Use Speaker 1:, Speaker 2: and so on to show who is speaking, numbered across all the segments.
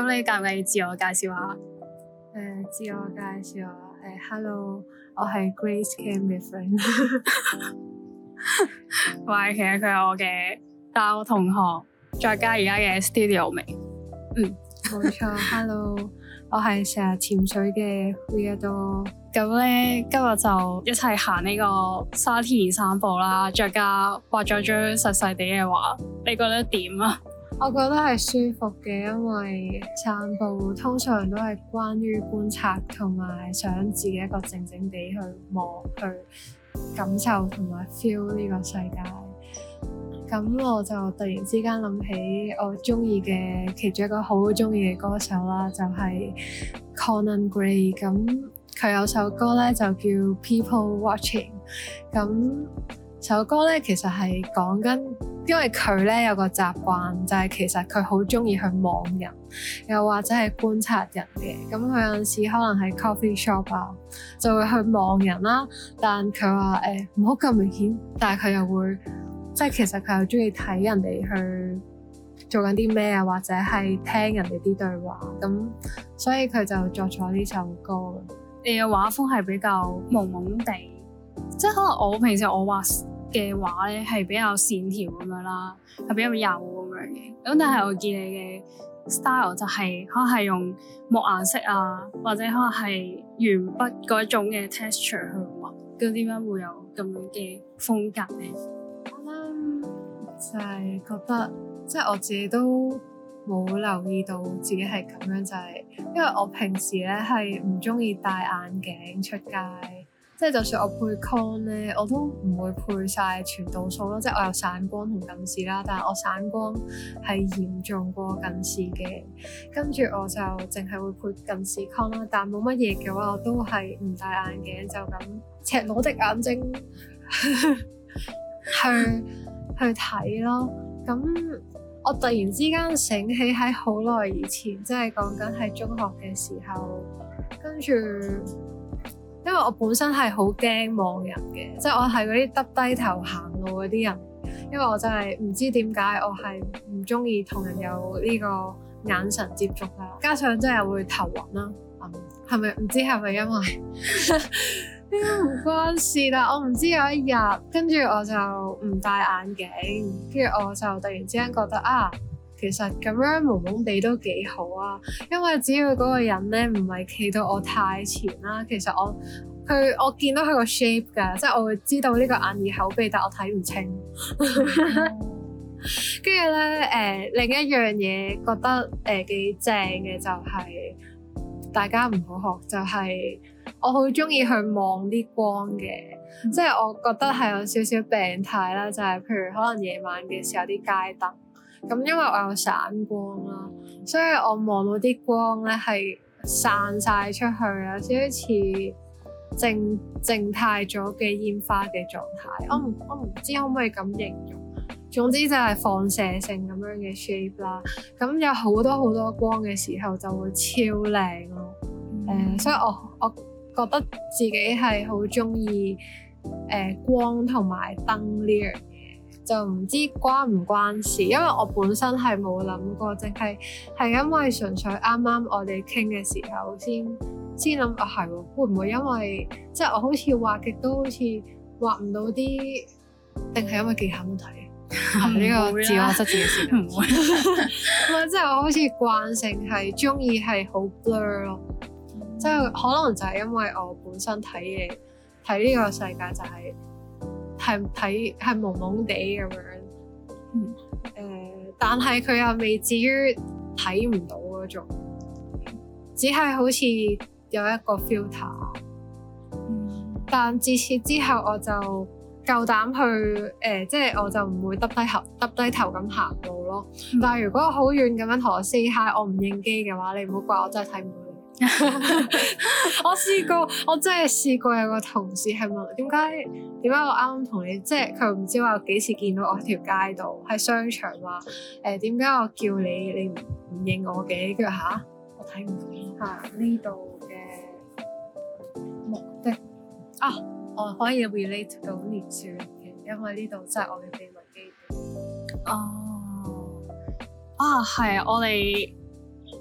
Speaker 1: 咁你介唔介意自我介紹啊？誒，自我介紹啊。誒、uh, uh,，Hello，我係 Grace Cam 嘅 friend。喂，其
Speaker 2: 實佢係我嘅大學同學，再加而家嘅 studio 名。嗯，
Speaker 1: 冇錯。 Hello，我係成日潛水嘅 Weird Doll。 咁
Speaker 2: 咧今日就一齊行呢個沙田散步啦，再加畫咗張細細哋嘅畫。你覺得點啊？
Speaker 1: 我覺得係舒服嘅，因為散步通常都係關於觀察同埋想自己一個靜靜地去望、去感受同埋 feel 呢個世界。咁我就突然之間諗起我中意嘅其中一個好中意嘅歌手啦，就係 Conan Gray。咁佢有首歌咧就叫 People Watching。咁首歌咧其實係講緊。因為佢咧有個習慣，就係、是、其實佢好中意去望人，又或者係觀察人嘅。咁佢有陣時可能喺 coffee shop 啊，就會去望人啦、啊。但佢話誒唔好咁明顯，但係佢又會即係、就是、其實佢又中意睇人哋去做緊啲咩啊，或者係聽人哋啲對話。咁所以佢就作咗呢首歌。誒畫風係比
Speaker 2: 較朦朦哋，即係可能我平時我畫。嘅畫咧係比較線條咁樣啦，係比較幼咁樣嘅。咁但係我見你嘅 style 就係、是、可能係用木顏色啊，或者可能係鉛筆嗰種嘅
Speaker 1: texture 去畫。咁點解會有咁樣嘅風格咧？啊啦、um，就係覺得即係我自己都冇留意到自己係咁樣，就係、是、因為我平時咧係唔中意戴眼鏡出街。即係就算我配 con 咧，我都唔會配晒全度數咯。即係我有散光同近視啦，但係我散光係嚴重過近視嘅。跟住我就淨係會配近視 con 啦。但冇乜嘢嘅話，我都係唔戴眼鏡就咁赤裸的眼睛 去 去睇咯。咁我突然之間醒起喺好耐以前，即係講緊喺中學嘅時候，跟住。因為我本身係好驚望人嘅，即係我係嗰啲耷低頭行路嗰啲人，因為我真係唔知點解我係唔中意同人有呢個眼神接觸啦，加上真係會頭暈啦，係咪唔知係咪因為唔 關事啦？我唔知。有一日，跟住我就唔戴眼鏡，跟住我就突然之間覺得啊～其實咁樣朦朦地都幾好啊，因為只要嗰個人咧唔係企到我太前啦、啊，其實我佢我見到佢個 shape 㗎，即係我會知道呢個眼耳口鼻，但我睇唔清。跟住咧，誒、呃、另一樣嘢覺得誒幾、呃、正嘅就係、是、大家唔好學，就係、是、我好中意去望啲光嘅，即係 我覺得係有少少病態啦，就係、是、譬如可能夜晚嘅時候啲街燈。咁因為我有散光啦，所以我望到啲光咧係散晒出去啊，有少少似靜靜態咗嘅煙花嘅狀態。我唔我唔知可唔可以咁形容。總之就係放射性咁樣嘅 shape 啦。咁有好多好多光嘅時候就會超靚咯。誒、嗯呃，所以我我覺得自己係好中意誒光同埋燈呢樣嘢。就唔知關唔關事，因為我本身係冇諗過，淨係係因為純粹啱啱我哋傾嘅時候先先諗，啊係，會唔會因為即係、就是、我好似畫極都好似畫唔到啲，定係因為技巧問題？呢、嗯、 個自我質疑先唔會，唔係即係我好似慣性係鍾意係好 blur 咯，即係、嗯、 可能就係因為我本身睇嘢睇呢個世界就係、是。係睇係朦朦哋咁樣，誒、嗯呃，但係佢又未至於睇唔到嗰種，只係好似有一個 filter、嗯。但自此之後，我就夠膽去誒，即、呃、係、就是、我就唔會耷低頭耷低頭咁行路咯。嗯、但係如果好遠咁樣同我 say hi，我唔應機嘅話，你唔好怪我，真係睇唔到。 我試過，我真係試過有個同事係問點解點解我啱啱同你即係佢唔知話幾時見到我喺條街度喺商場話誒點解我叫你你唔唔應我嘅，跟住嚇我睇唔到。吓呢度嘅目的啊，我可以 relate 到年少嘅，因為呢度真係我嘅秘密基地。哦啊，係、啊、我哋。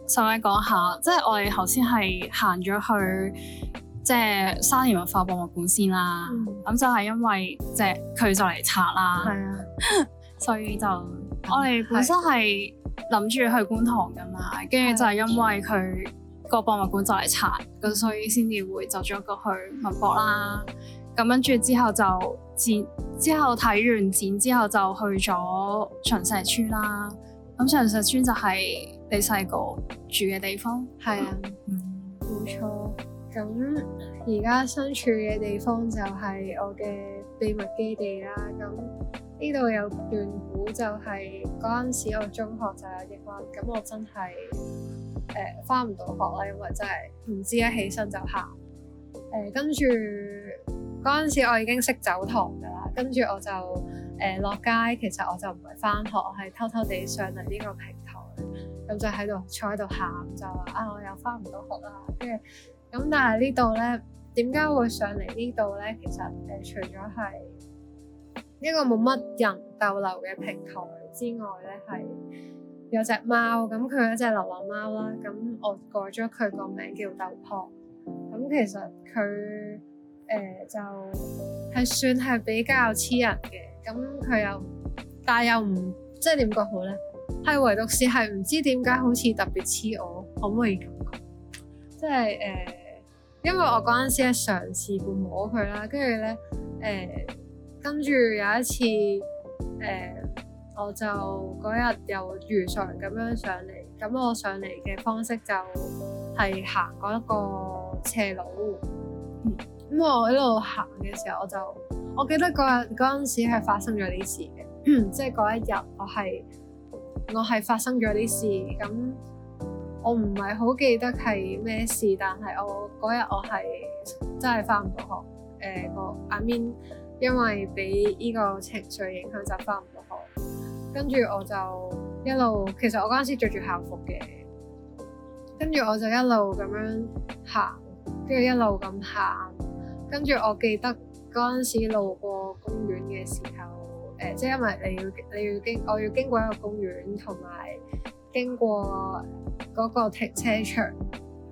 Speaker 2: 稍微講下，即係我哋頭先係行咗去即係沙田文化博物館先啦。咁、嗯、就係因為即係佢就嚟拆啦，所以就我哋本身係諗住去觀塘㗎嘛，跟住就係因為佢個博物館就嚟拆，咁所以先至會走咗過去文博啦。咁跟住之後就展，之後睇完展之後就去咗秦石邨啦。咁秦石邨就係、是。你細個
Speaker 1: 住嘅地方係啊，冇、嗯、錯。咁而家身處嘅地方就係我嘅秘密基地啦。咁呢度有段古，就係嗰陣時我中學就有抑鬱，咁我真係誒翻唔到學啦，因為真係唔知一起身就喊。誒跟住嗰陣時我已經識走堂㗎啦，跟住我就誒落、呃、街，其實我就唔係翻學，我係偷偷地上嚟呢個平台。咁就喺度坐喺度喊，就話啊，我又返唔到學啦。跟住咁，但係呢度咧，點解會上嚟呢度咧？其實誒、呃，除咗係一個冇乜人逗留嘅平台之外咧，係有隻貓。咁佢有隻流浪貓啦，咁我改咗佢個名叫豆婆。咁其實佢誒、呃、就係算係比較黐人嘅。咁佢又但又唔即係點講好咧？係唯獨是係唔知點解，好似特別黐我，可唔可以咁講？即係誒、呃，因為我嗰陣時係嘗試過摸佢啦，跟住咧誒，跟、呃、住有一次誒、呃，我就嗰日又如常咁樣上嚟，咁我上嚟嘅方式就係行嗰一個斜路，咁、嗯、我喺度行嘅時候，我就我記得嗰日嗰陣時係發生咗呢事嘅， 即係嗰一日我係。我係發生咗啲事，咁我唔係好記得係咩事，但係我嗰日我係真係返唔到學，誒個阿 min 因為俾呢個情緒影響就返唔到學，跟住我就一路，其實我嗰陣時著住校服嘅，跟住我就一路咁樣行，跟住一路咁行，跟住我記得嗰陣時路過公園嘅時候。誒，即係因為你要你要經，我要經過一個公園，同埋經過嗰個停車場，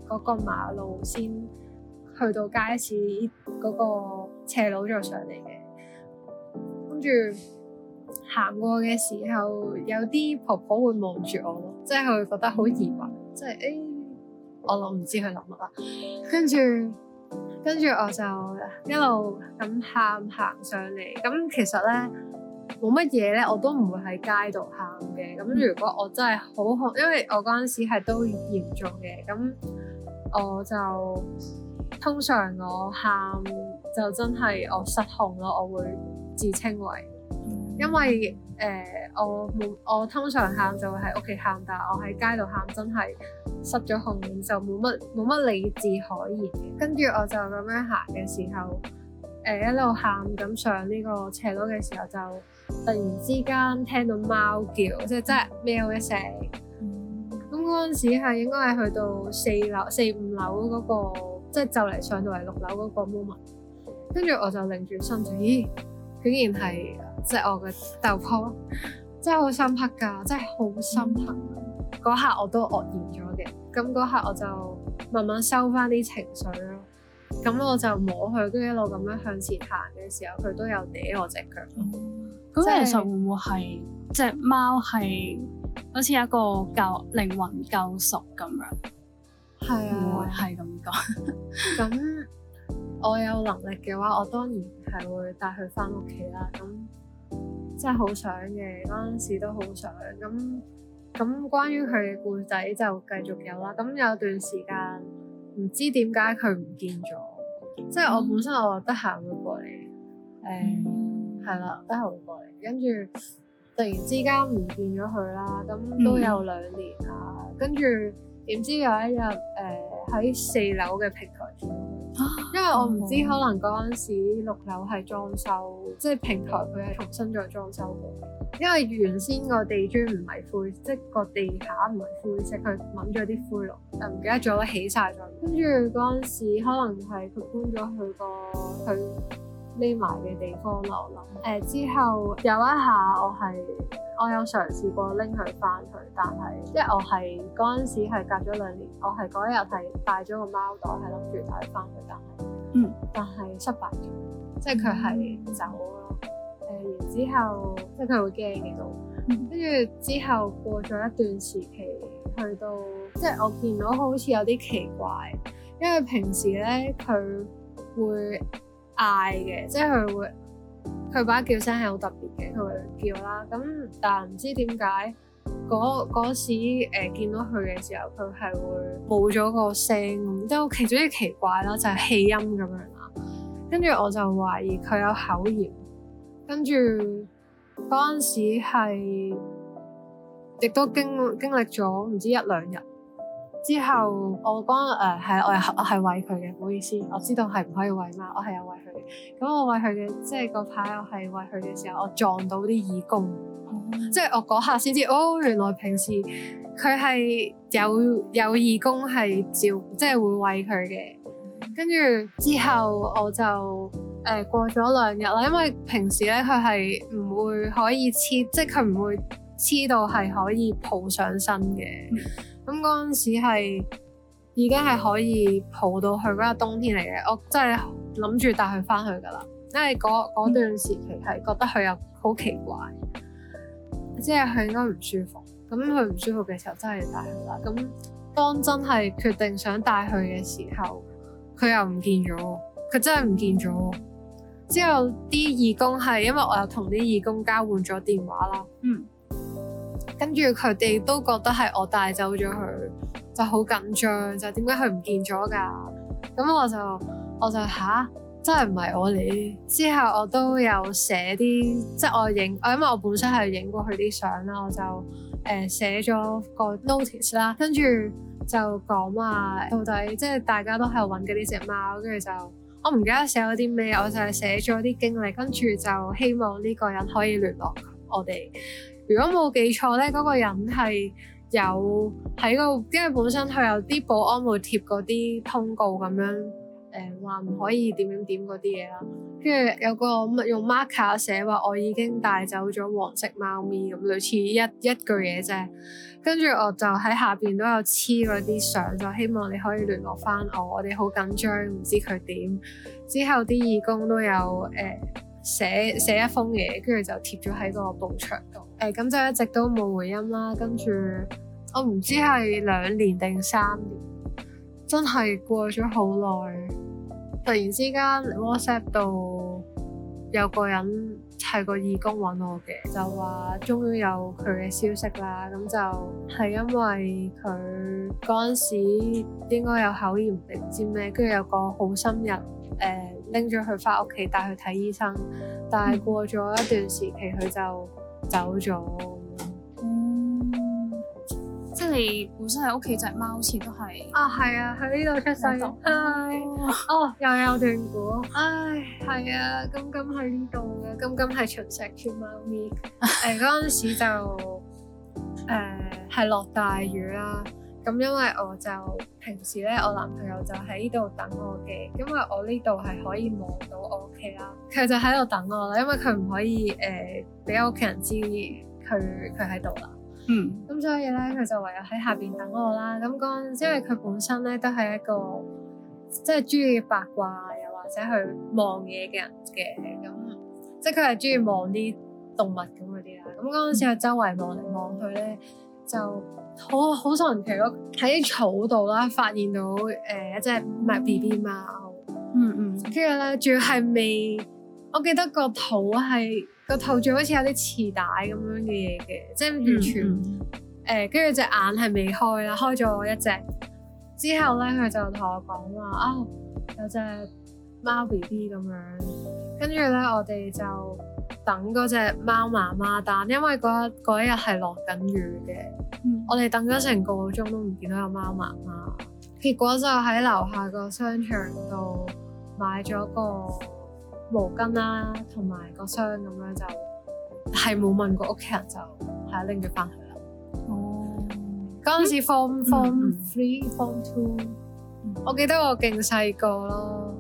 Speaker 1: 嗰個馬路先去到街市嗰個斜路再上嚟嘅。跟住行過嘅時候，有啲婆婆會望住我咯，即係佢會覺得好疑惑，即係誒，我諗唔知佢諗乜啦。跟住跟住我就一路咁喊行上嚟，咁其實咧。冇乜嘢咧，我都唔會喺街度喊嘅。咁如果我真係好控，因為我嗰陣時係都嚴重嘅，咁我就通常我喊就真係我失控咯。我會自稱為，因為誒、呃、我冇我通常喊就會喺屋企喊，但係我喺街度喊真係失咗控，就冇乜冇乜理智可言。跟住我就咁樣行嘅時候，誒、呃、一路喊咁上呢個斜路嘅時候就。突然之間聽到貓叫，即係真係喵一聲。咁嗰陣時係應該係去到四樓、四五樓嗰、嗰個，即係就嚟上到嚟六樓嗰個 moment。跟住我就擰住身，咦，居然係即係我嘅豆泡，真係好深刻㗎，真係好深刻。嗰、嗯、刻我都愕然咗嘅，咁嗰刻我就慢慢收翻啲情緒咯。咁我就摸佢，跟住一路咁樣向前行嘅時候，佢都有嗲我隻腳咯。嗯。咁其實會唔會係
Speaker 2: 隻貓係好似一個救靈魂救贖咁
Speaker 1: 樣？係是、啊、會係咁講。咁 我有能力嘅話，我當然係會帶佢返屋企啦。咁即係好想嘅，嗰陣時都好想。咁咁關於佢嘅故仔就繼續有啦。咁有段時間唔知點解佢唔見咗，嗯、即係我本身我得閒會過嚟誒。嗯嗯係啦，都係會過嚟。跟住突然之間唔見咗佢啦，咁都有兩年啦。跟住點知有一日，誒、呃、喺四樓嘅平台見到佢，因為我唔知可能嗰陣時六樓係裝修，嗯、即係平台佢係重新再裝修過。因為原先個地磚唔係灰，即係個地下唔係灰色，佢揾咗啲灰落，就唔記得咗起晒咗。跟住嗰陣時可能係佢搬咗去個佢。匿埋嘅地方咯，我諗。誒、呃、之後有一下我，我係我有嘗試過拎佢翻去，但係即係我係嗰陣時係隔咗兩年，我係嗰一日係帶咗個貓袋，係諗住帶佢翻去，但係嗯，但係失敗咗，嗯、即係佢係走咯。誒、嗯、然之後，即係佢會驚嘅都。跟住、嗯、之後過咗一段時期，去到即係我見到好似有啲奇怪，因為平時咧佢會。嗌嘅，即係佢會佢把叫聲係好特別嘅，佢會叫啦。咁但係唔知點解嗰嗰時、呃、見到佢嘅時候，佢係會冇咗個聲咁，即係中總之奇怪啦，就係、是、氣音咁樣啦。跟住我就懷疑佢有口炎。跟住嗰陣時係亦都經經歷咗唔知一兩日。之後我、呃，我講誒係我我係餵佢嘅，唔好意思，我知道係唔可以餵貓，我係有餵佢嘅。咁我餵佢嘅，即係嗰排。我係餵佢嘅時候，我撞到啲義工，嗯、即係我嗰刻先知，哦，原來平時佢係有有義工係照，即係會餵佢嘅。跟住、嗯、之後，我就誒、呃、過咗兩日啦，因為平時咧佢係唔會可以黐，即係佢唔會黐到係可以抱上身嘅。嗯。咁嗰陣時係已經係可以抱到去嗰個冬天嚟嘅，我真係諗住帶佢翻去噶啦。因為嗰段時期係覺得佢又好奇怪，即係佢應該唔舒服。咁佢唔舒服嘅時候真係要帶佢啦。咁當真係決定想帶佢嘅時候，佢又唔見咗，佢真係唔見咗。之後啲義工係因為我又同啲義工交換咗電話啦，嗯。跟住佢哋都覺得係我帶走咗佢，就好緊張。就點解佢唔見咗㗎？咁我就我就嚇，真係唔係我嚟。之後我都有寫啲，即係我影，因為我本身係影過佢啲相啦，我就誒寫咗個 notice 啦。跟住就講話到底，即係大家都喺度揾緊呢隻貓。跟住就我唔記得寫咗啲咩，我就係寫咗啲經歷。跟住就希望呢個人可以聯絡我哋。如果冇記錯咧，嗰、嗰個人係有喺個，因為本身佢有啲保安會貼嗰啲通告咁樣，誒話唔可以點點點嗰啲嘢啦。跟住有個用 marker 寫話我已經帶走咗黃色貓咪，咁類似一一句嘢啫。跟住我就喺下邊都有黐嗰啲相，就希望你可以聯絡返我，我哋好緊張，唔知佢點。之後啲義工都有誒。呃寫寫一封嘢，跟住就貼咗喺個牆度。誒、欸、咁就一直都冇回音啦。跟住我唔知係兩年定三年，真係過咗好耐。突然之間 WhatsApp 到有個人。係個義工揾我嘅，就話終於有佢嘅消息啦。咁就係因為佢嗰陣時應該有口炎定唔知咩，跟住有個好心人誒拎咗佢翻屋企帶佢睇醫生，但係過咗一段時期佢就走咗。
Speaker 2: 本身喺屋企隻貓好似
Speaker 1: 都係啊，係啊，喺呢度出世唉，哦，又有斷骨，唉，係啊，啊啊金金喺呢度啊，金金係秦石邨貓咪，誒嗰陣時就誒係落大雨啦，啊，咁因為我就平時咧，我男朋友就喺呢度等我嘅，因為我呢度係可以望到我屋企啦，佢就喺度等我啦，因為佢唔可以誒俾屋企人知佢佢喺度啦。嗯，咁所以咧，佢就唯有喺下邊等我啦。咁嗰陣，因為佢本身咧都係一個即係中意八卦又或者去望嘢嘅人嘅，咁即係佢係中意望啲動物咁嗰啲啦。咁嗰陣時喺周圍望嚟望去咧，就好好神奇咯，喺草度啦發現到誒、呃、一隻唔係 B B 貓。嗯嗯，跟住咧，仲要係未，我記得個肚係。個頭仲好似有啲磁帶咁樣嘅嘢嘅，即係完全誒，跟住隻眼係未開啦，開咗我一隻之後咧，佢就同我講話啊，有隻貓 B B 咁樣，跟住咧，我哋就等嗰隻貓媽媽，但因為嗰日係落緊雨嘅，mm hmm. 我哋等咗成個鐘都唔見到有貓媽媽，結果就喺樓下個商場度買咗個毛巾啦、啊，同埋個箱咁樣就係冇問過屋企人就，就係拎住翻去啦。哦，嗰陣時 form、嗯、form three form two，嗯、我記得我勁細個咯。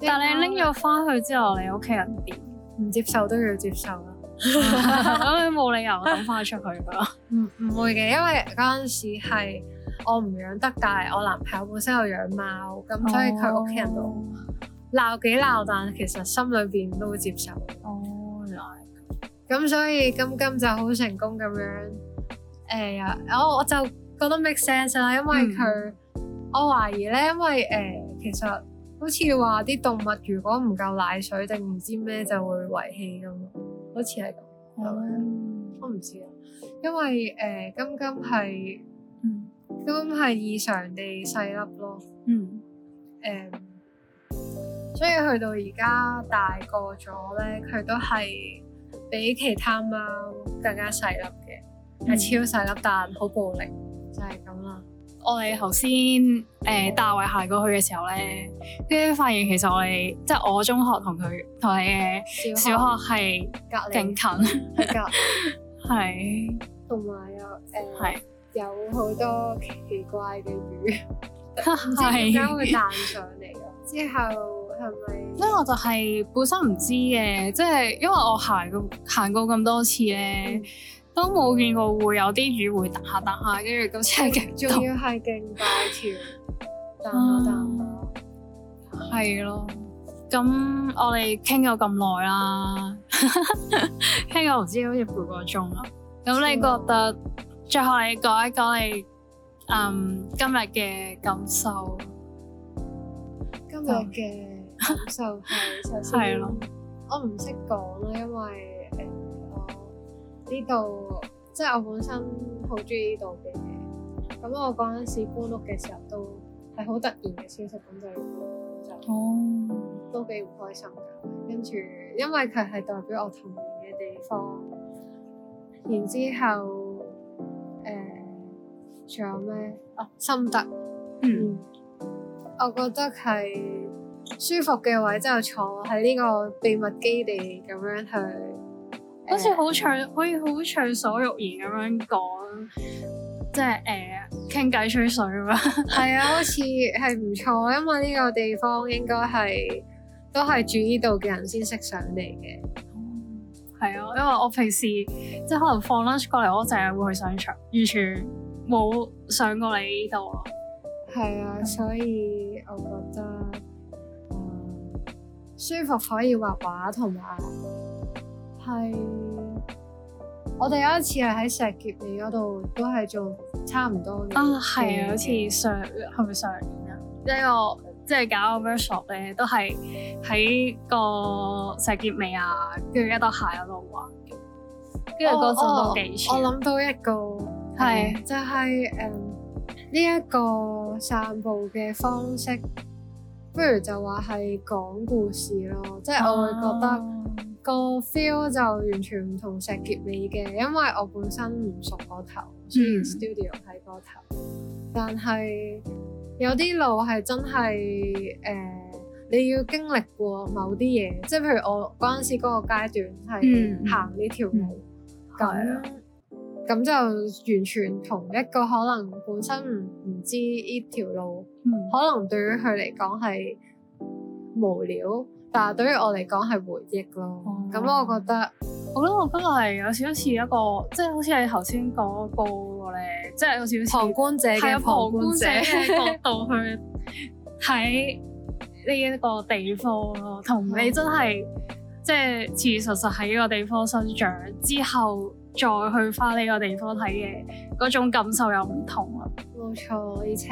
Speaker 1: 但你拎咗翻去之後，你屋企人點？唔接受都要接受啦，
Speaker 2: 咁你冇理由抌翻出去㗎。唔唔、 嗯、
Speaker 1: 會嘅，因為嗰陣時係我唔養得，但係我男朋友本身有養貓，咁所以佢屋企人都。嗯鬧幾鬧，但其實心裏邊都會接受。哦，原來係咁，咁所以金金就好成功咁樣。誒、呃、啊，我我就覺得 make sense 啦，因為佢，mm. 我懷疑咧，因為誒、呃，其實好似話啲動物如果唔夠奶水定唔知咩就會遺棄噶嘛，好似係咁。Oh, right. 嗯、我唔知啊，因為誒金金係，金金係異常地細粒咯。嗯。誒。所以去到而家大個咗咧，佢都係比其他貓更加細粒嘅，係超細粒但好暴力，就係咁啦。
Speaker 2: 我哋頭先誒大衞行過去嘅時候咧，跟住發現其實我哋即係我中學同佢同你嘅小學係隔離，勁近，隔係，
Speaker 1: 同埋又誒係有好多奇怪嘅魚，唔
Speaker 2: 知點解會彈
Speaker 1: 上嚟咯。之後。
Speaker 2: 係咪因為我就係本身唔知嘅，即係因為我行過行過咁多次咧，都冇見過會有啲魚會彈下彈下，跟住咁即
Speaker 1: 係勁。仲要係勁
Speaker 2: 大條，彈下彈下。係咯、嗯，咁我哋傾咗咁耐啦，傾咗唔知好似半個鐘啊。咁你覺得，嗯、最後你講一講你，嗯、
Speaker 1: 今日嘅感受。嗯、就今日嘅。就係 首先，了我唔識講啦，因為誒、呃、我呢度即係我本身好中意呢度嘅咁。咁我嗰陣時搬屋嘅時候，都係好突然嘅消息，咁就就係哦、都幾唔開心。跟住因為佢係代表我童年嘅地方，然之後誒仲、呃、有咩啊心得？嗯，我覺得係。舒服嘅位就坐喺呢個秘密基地咁樣去，好似好暢可
Speaker 2: 以好暢所欲言咁樣講，
Speaker 1: 即係誒傾偈吹水咁啊。係啊， 好似係唔錯，因為呢個地方應該係都係住呢度嘅人先識上嚟嘅。
Speaker 2: 係啊、嗯，因為我平時即係可能放 lunch 過嚟，我淨係會去商場，完全冇上過嚟呢度。
Speaker 1: 係啊，所以我覺得。舒服可以畫畫，同埋係我哋有一次係喺石結尾，石硤尾嗰度，都係做差唔多。啊，係啊，好似上係咪上年啊？
Speaker 2: 即係我，即係搞個 workshop 咧，都係喺個石硤尾啊，跟住一對鞋嗰度畫嘅。呢個歌數都幾長。我諗
Speaker 1: 到一個係，是就係誒呢一個散步嘅方式。不如就話係講故事咯，即係我會覺得個 feel 就完全唔同石傑尾嘅，因為我本身唔熟個頭，雖然 studio 喺個頭，嗯、但係有啲路係真係誒、呃，你要經歷過某啲嘢，即係譬如我嗰陣時嗰個階段係行呢條路咁樣。嗯咁就完全同一個可能本身唔唔知呢條路，嗯、可能對於佢嚟講係無聊，嗯、但係對於我嚟講係回憶咯。咁、哦、我覺得，我覺得我今日係有少少似一個，即係好似你頭先講嗰個咧，即係有少少旁觀者嘅旁觀者嘅角度
Speaker 2: 去睇呢一個地方咯。同你真係即係實實實喺呢個地方生長之後。再去翻呢個地方睇嘅嗰種感受又唔同啦，
Speaker 1: 冇錯，而且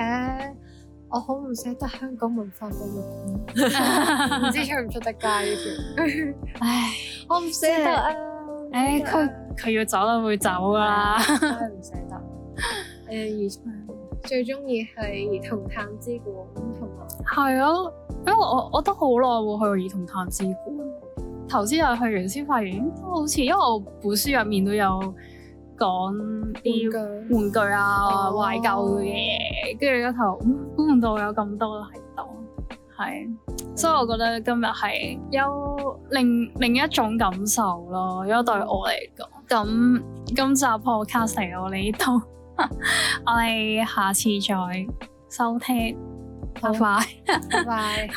Speaker 1: 我好唔捨得香港文化嘅沒，唔 知出唔出得街呢條， 唉，我唔捨得啊，唉，佢佢
Speaker 2: 要走啦，會走㗎喇，唔捨
Speaker 1: 得。誒，而最中意係兒童探知館，
Speaker 2: 係啊，因為我我，我都好耐喎去兒童探知館。頭先又去完先發現，都好似因為我本書入面都有講啲玩具啊、懷舊嘅嘢，跟住嗰頭估唔到有咁多喺度，係，嗯、所以我覺得今日係有另另一種感受咯，如果對我嚟講，咁、嗯、今集 Podcast 死我呢度， 我哋下次再收聽，拜，拜
Speaker 1: 拜。